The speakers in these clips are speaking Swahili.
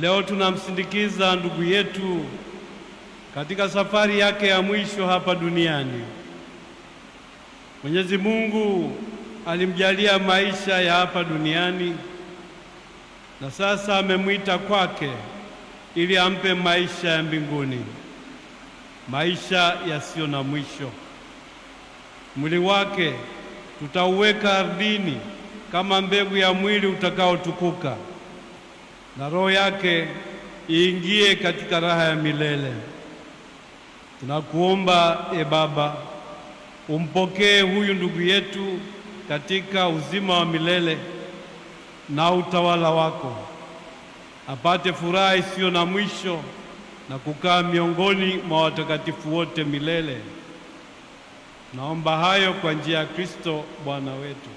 Leo tunamsindikiza ndugu yetu katika safari yake ya mwisho hapa duniani. Mwenyezi Mungu alimjalia maisha ya hapa duniani na sasa amemwita kwake ili ampe maisha ya mbinguni, maisha yasiyo na mwisho. Mwili wake tutauweka ardhini kama mbegu ya mwili utakaotukuka na roho yake iingie katika raha ya milele. Tunakuomba e Baba, umpokee huyu ndugu yetu katika uzima wa milele na utawala wako, apate furaha isiyo na mwisho na kukaa miongoni mwa watakatifu wote milele. Naomba hayo kwa njia ya Kristo Bwana wetu.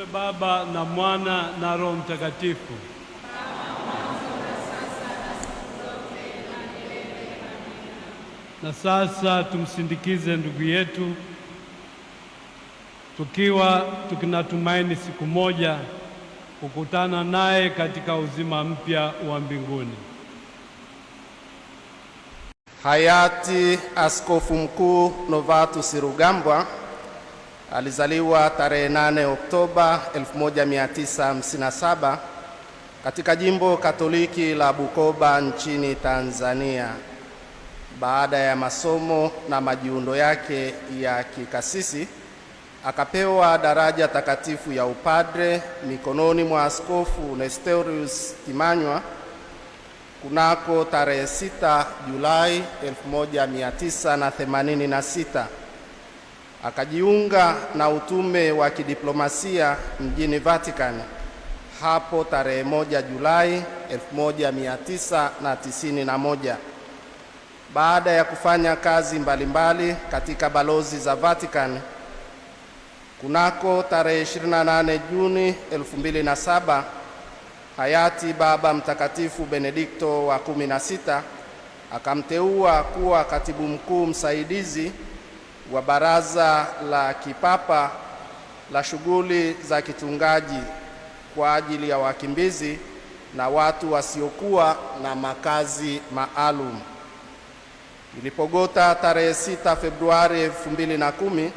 Itukuzwe Baba na Mwana na Roho Mtakatifu. Na sasa tumsindikize ndugu yetu tukiwa tukinatumaini siku moja kukutana naye katika uzima mpya wa mbinguni. Hayati Askofu Mkuu Novatus Rugambwa Alizaliwa tarehe 8 Oktoba 1957 katika jimbo Katoliki la Bukoba nchini Tanzania. Baada ya masomo na majiundo yake ya kikasisi, akapewa daraja takatifu ya upadre mikononi mwa Askofu Nestorius Kimanywa kunako tarehe 6 Julai 1986. Akajiunga na utume wa kidiplomasia mjini Vatican hapo tarehe moja Julai 1991 baada ya kufanya kazi mbalimbali mbali katika balozi za Vatican. Kunako tarehe 28 Juni 2007 hayati Baba Mtakatifu Benedikto wa 16 akamteua kuwa katibu mkuu msaidizi wa Baraza la Kipapa la shughuli za kichungaji kwa ajili ya wakimbizi na watu wasiokuwa na makazi maalum. Ilipogota tarehe 6 Februari 2010,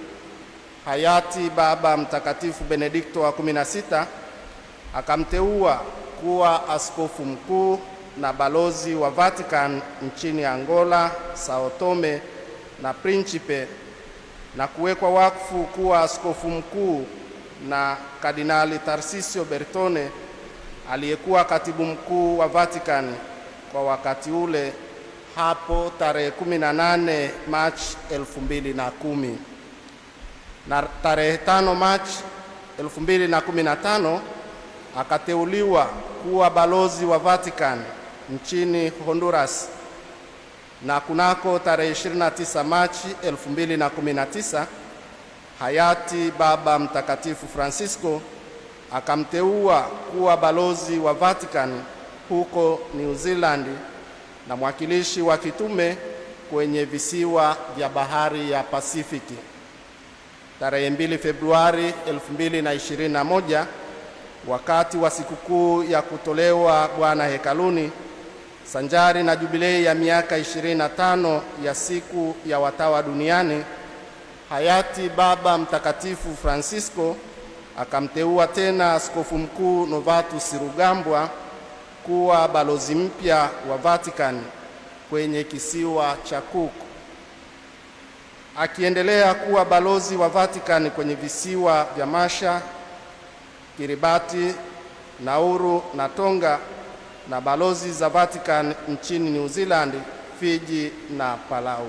hayati Baba Mtakatifu Benedikto wa 16 akamteua kuwa askofu mkuu na balozi wa Vatican nchini Angola, Sao Tome na Principe na kuwekwa wakfu kuwa askofu mkuu na Kardinali Tarsisio Bertone aliyekuwa katibu mkuu wa Vatican kwa wakati ule hapo tarehe 18 Machi 2010 na tarehe 5 Machi 2015 akateuliwa kuwa balozi wa Vatican nchini Honduras na kunako tarehe 29 Machi 2019 hayati Baba Mtakatifu Francisco akamteua kuwa balozi wa Vatican huko New Zealand na mwakilishi wa kitume kwenye visiwa vya bahari ya Pasifiki. Tarehe 2 Februari 2021, wakati wa sikukuu ya kutolewa Bwana hekaluni sanjari na jubilei ya miaka 25 ya siku ya watawa duniani, hayati Baba Mtakatifu Francisco akamteua tena askofu mkuu Novatus Rugambwa kuwa balozi mpya wa Vatican kwenye kisiwa cha Cook, akiendelea kuwa balozi wa Vatican kwenye visiwa vya Masha, Kiribati, Nauru na Tonga na balozi za Vatican nchini New Zealand, Fiji na Palau.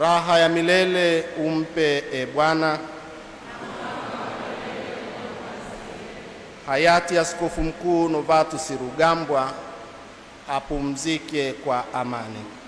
Raha ya milele umpe e Bwana. Hayati Askofu Mkuu Novatus Rugambwa apumzike kwa amani.